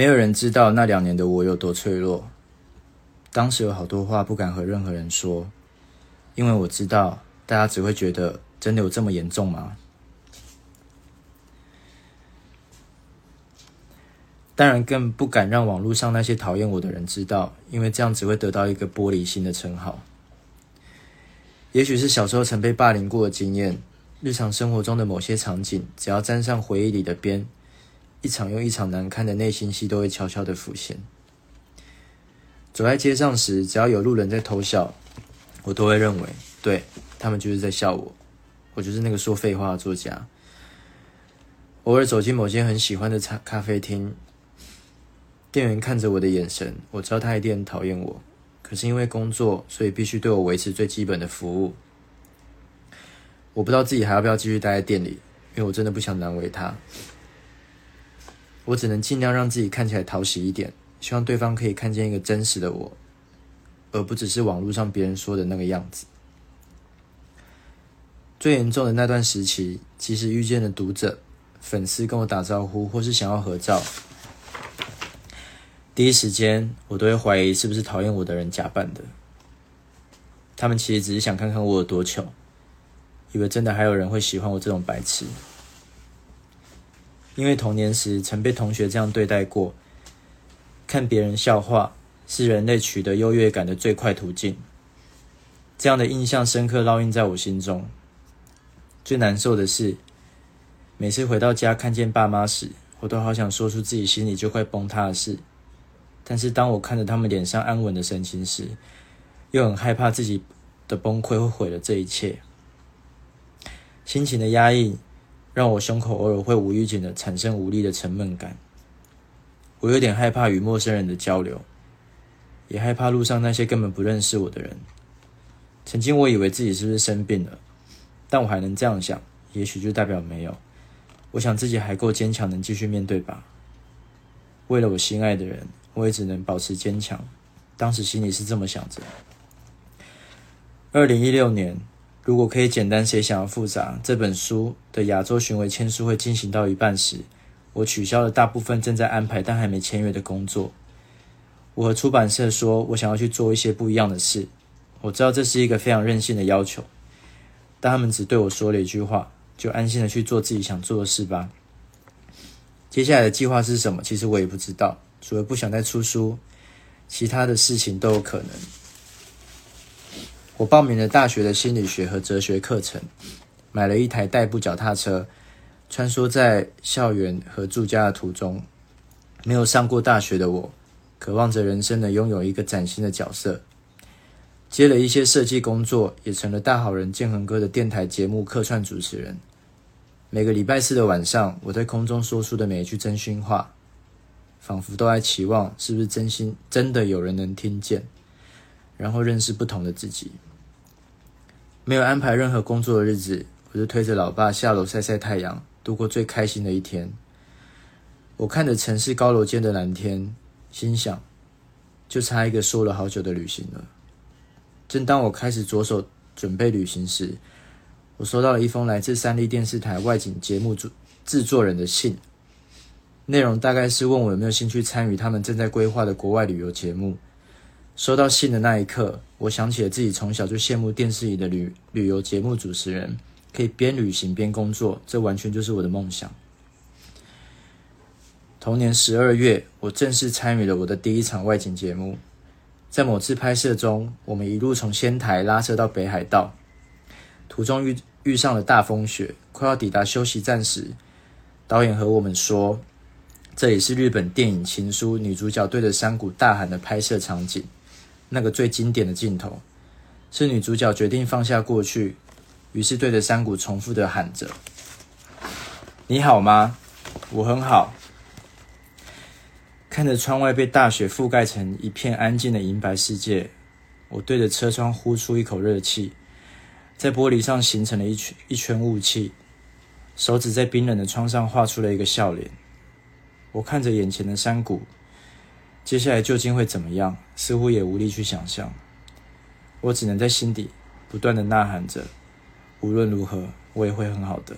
沒有人知道，那兩年的我有多脆弱。當時有好多話，不敢和任何人說，因為我知道，大家只會覺得真的有這麼嚴重嗎？當然更不敢讓網路上那些討厭我的人知道，因為這樣只會得到一個玻璃心的稱號。也許是小時候曾被霸凌過的經驗，日常生活中的某些場景，只要沾上回憶裡的邊，一場又一場難堪的內心戲都會悄悄的浮現。走在街上時，只要有路人在偷笑，我都會認為對，他們就是在笑我，我就是那個說廢話的作家。偶爾走進某些很喜歡的咖咖啡廳，店員看着我的眼神，我知道他一定很討厭我。可是因為工作，所以必須對我維持最基本的服務。我不知道自己還要不要繼續待在店裡，因為我真的不想難為他。我只能盡量讓自己看起來討喜一點，希望對方可以看見一個真實的我，而不只是網絡上別人說的那個樣子。最嚴重的那段時期，即使遇見了讀者、粉絲跟我打招呼或是想要合照，第一時間，我都會懷疑是不是討厭我的人假扮的。他們其實只是想看看我有多糗，以為真的還有人會喜歡我這種白痴。因為童年時曾被同學這樣對待過，看別人笑話是人類取得優越感的最快途徑。這樣的印象深刻烙印在我心中。最難受的是，每次回到家看見爸媽時，我都好想說出自己心裡就快崩塌的事。但是當我看着他們臉上安穩的神情時，又很害怕自己的崩潰會毀了這一切。心情的壓抑。讓我胸口偶爾會無預警的產生無力的沉悶感，我有點害怕與陌生人的交流，也害怕路上那些根本不認識我的人。曾經我以為自己是不是生病了，但我還能這樣想，也許就代表沒有。我想自己還夠堅強，能繼續面對吧。為了我心愛的人，我也只能保持堅強。當時心裡是這麼想着。二零一六年。如果可以簡單，誰想要複雜。這本書的亞洲巡迴簽書會進行到一半時，我取消了大部分正在安排但還沒簽約的工作。我和出版社說我想要去做一些不一樣的事。我知道這是一個非常任性的要求，但他們只對我說了一句話：“就安心地去做自己想做的事吧。”接下來的計劃是什麼？其實我也不知道，除了不想再出書，其他的事情都有可能。我報名了大學的心理學和哲學課程，買了一台代步腳踏車，穿梭在校園和住家的途中。沒有上過大學的我，渴望着人生能擁有一個嶄新的角色。接了一些設計工作，也成了大好人建恆哥的電台節目客串主持人。每個禮拜四的晚上，我在空中說出的每一句真心話，仿佛都在期望是不是真心真的有人能聽見，然後認識不同的自己。沒有安排任何工作的日子，我就推着老爸下樓曬曬太陽，度過最開心的一天。我看着城市高樓間的藍天，心想，就差一個說了好久的旅行了。正當我開始着手準備旅行時，我收到了一封來自三立電視台外景節目組制作人的信，內容大概是問我有沒有興趣參與他們正在規劃的國外旅遊節目。收到信的那一刻。我想起了自己從小就羨慕電視裡的旅旅遊節目主持人，可以邊旅行邊工作，這完全就是我的夢想。同年十二月，我正式參與了我的第一場外景節目。在某次拍攝中，我們一路從仙台拉車到北海道，途中遇遇上了大風雪。快要抵達休息站時，導演和我們說，這裡是日本電影《情書》女主角對着山谷大喊的拍攝場景。那個最經典的鏡頭，是女主角決定放下過去，於是對着山谷重複的喊着：“你好嗎？我很好。”看着窗外被大雪覆蓋成一片安靜的銀白世界，我對着車窗呼出一口熱氣，在玻璃上形成了一圈一圈霧氣，手指在冰冷的窗上畫出了一個笑臉。我看着眼前的山谷。接下來究竟會怎麼樣，似乎也無力去想象。我只能在心底不斷的吶喊着：無論如何，我也會很好的。